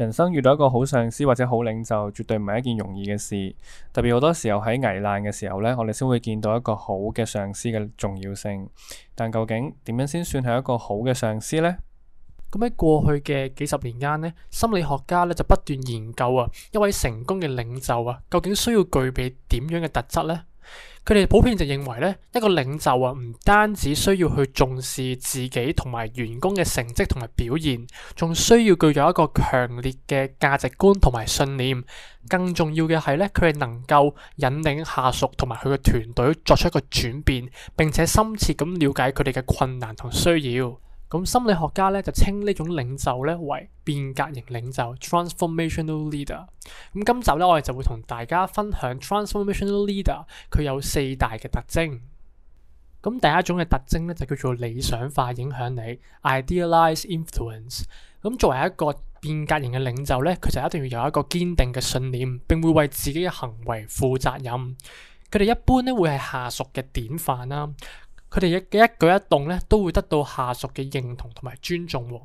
人生遇到一個好上司或者好領袖，絕對唔係一件容易嘅事。特別好多時候喺危難嘅時候呢，我哋先會見到一個好嘅上司嘅重要性。但究竟點樣先算係一個好嘅上司呢？咁喺過去嘅幾十年間呢，心理學家咧就不斷研究啊，一位成功嘅領袖啊，究竟需要具備點樣嘅特質呢？佢哋普遍就認為咧，一個領袖啊，唔單止需要去重視自己同埋員工嘅成績同埋表現，仲需要具有一個強烈嘅價值觀同埋信念。更重要嘅係咧，佢哋能夠引領下屬同埋佢嘅團隊作出一個轉變，並且深切咁了解佢哋嘅困難同需要。咁心理學家咧就稱呢種領袖咧為變革型領袖 (transformational leader)。咁今集咧我哋就會同大家分享 transformational leader 佢有四大嘅特徵。咁第一種嘅特徵咧就叫做理想化影響你 (idealized influence)。咁作為一個變革型嘅領袖咧，佢就一定要有一個堅定嘅信念，並會為自己嘅行為負責任。佢哋一般咧會係下屬嘅典範啦、啊。佢哋嘅一舉一動咧，都會得到下屬嘅認同同埋尊重喎。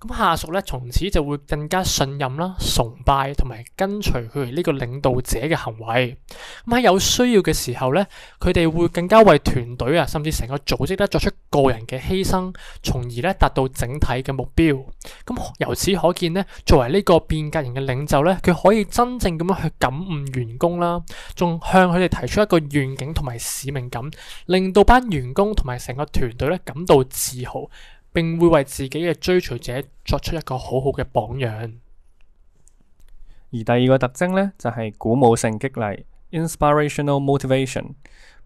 咁下屬咧，從此就會更加信任啦、崇拜同埋跟隨佢哋呢個領導者嘅行為。咁喺有需要嘅時候咧，佢哋會更加為團隊啊，甚至成個組織咧作出個人嘅犧牲，從而咧達到整體嘅目標。咁由此可見咧，作為呢個變革型嘅領袖咧，佢可以真正咁樣去感悟員工啦，仲向佢哋提出一個願景同埋使命感，令到班員工同埋成個團隊咧感到自豪。並會為自己嘅追隨者作出一個好好嘅榜樣。而第二個特徵呢，就係鼓舞性激勵 （inspirational motivation）。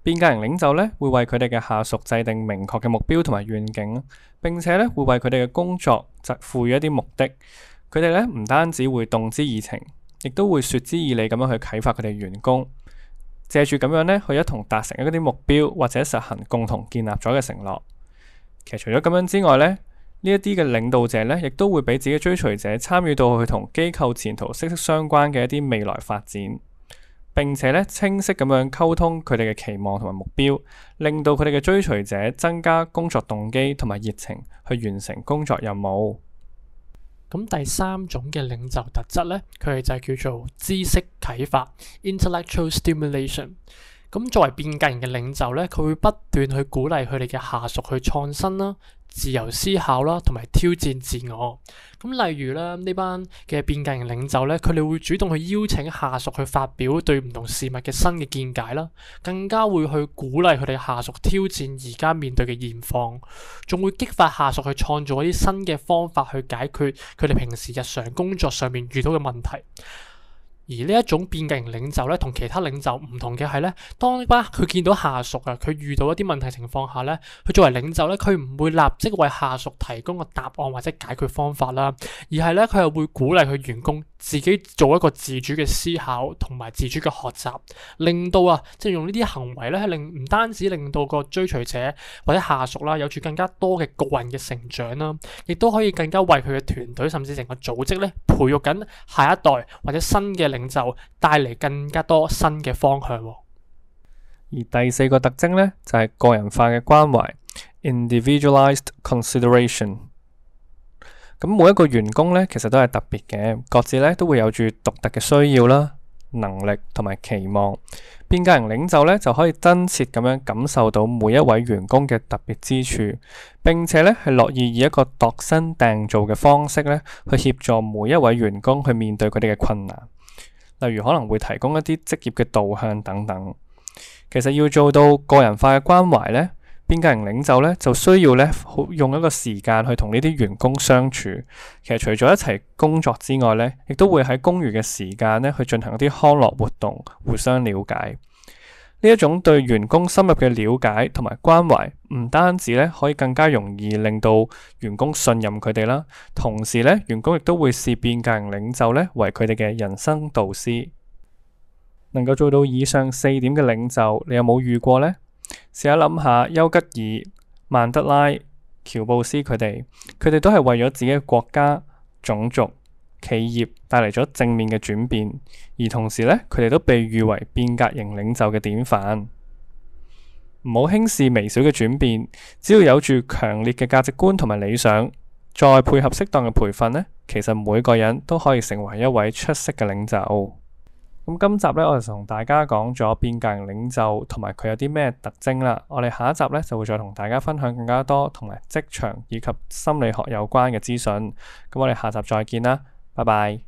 變革型領袖呢，會為佢哋嘅下屬制定明確嘅目標同埋願景，並且呢會為佢哋嘅工作則賦予一啲目的。佢哋呢唔單止會動之以情，亦都會說之以理咁樣去啟發佢哋員工。借住咁樣呢去一同達成一啲目標或者實行共同建立咗嘅承諾。其實除咗咁樣之外咧，呢一啲嘅領導者咧，亦都會俾自己追隨者參與到去同機構前途息息相關嘅一啲未來發展，並且咧，清晰咁樣溝通佢哋嘅期望同埋目標，令到佢哋嘅追隨者增加工作動機同埋熱情去完成工作任務。咁第三種嘅領袖特質咧，佢哋就係叫做知識啟發 （Intellectual stimulation）。咁作為變革型嘅領袖咧，佢會不斷去鼓勵佢哋嘅下屬去創新啦、自由思考啦，同埋挑戰自我。咁例如咧，呢班嘅變革型領袖咧，佢哋會主動去邀請下屬去發表對唔同事物嘅新嘅見解啦，更加會去鼓勵佢哋下屬挑戰而家面對嘅現況，仲會激發下屬去創造一啲新嘅方法去解決佢哋平時日常工作上面遇到嘅問題。而呢一種變革型領袖咧，同其他領袖唔同嘅係咧，當佢見到下屬啊，佢遇到一啲問題情況下咧，佢作為領袖咧，佢唔會立即為下屬提供個答案或者解決方法啦，而係咧，佢又會鼓勵佢員工，自己做一個自主嘅思考同埋自主嘅學習，令到啊，即係用呢啲行為咧，係令唔單止令到個追隨者或者下屬啦，有住更加多嘅個人嘅成長啦，亦都可以更加為佢嘅團隊甚至成個組織咧，培育緊下一代或者新嘅領袖，帶嚟更加多新嘅方向。而第四個特徵咧，就係個人化嘅關懷 （individualized consideration）。咁每一個員工咧，其實都係特別嘅，各自咧都會有住獨特嘅需要啦、能力同埋期望。變革型領袖咧就可以真切咁樣感受到每一位員工嘅特別之處，並且咧係樂意以一個度身訂造嘅方式咧去協助每一位員工去面對佢哋嘅困難，例如可能會提供一啲職業嘅導向等等。其實要做到個人化嘅關懷咧，變革型領袖咧，就需要咧好用一個時間去同呢啲員工相處。其實除咗一齊工作之外咧，亦都會喺公餘嘅時間咧去進行一啲康樂活動，互相了解。呢一種對員工深入嘅了解同埋關懷，唔單止咧可以更加容易令到員工信任佢哋啦，同時咧員工亦都會視變革型領袖咧為佢哋嘅人生導師。能夠做到以上四點嘅領袖，你有冇遇過呢？試下諗下，丘吉爾、曼德拉、喬布斯佢哋，佢哋都係為咗自己嘅國家、種族、企業帶嚟咗正面嘅轉變，而同時呢，佢哋都被譽為變革型領袖嘅典範。唔好輕視微小嘅轉變，只要有住強烈嘅價值觀同埋理想，再配合適當嘅培訓呢，其實每個人都可以成為一位出色嘅領袖。咁今集呢，我就同大家講咗變革型領袖同埋佢有啲咩特徵啦。我哋下一集呢，就會再同大家分享更加多同埋職場以及心理學有關嘅資訊。咁我哋下集再見啦，拜拜。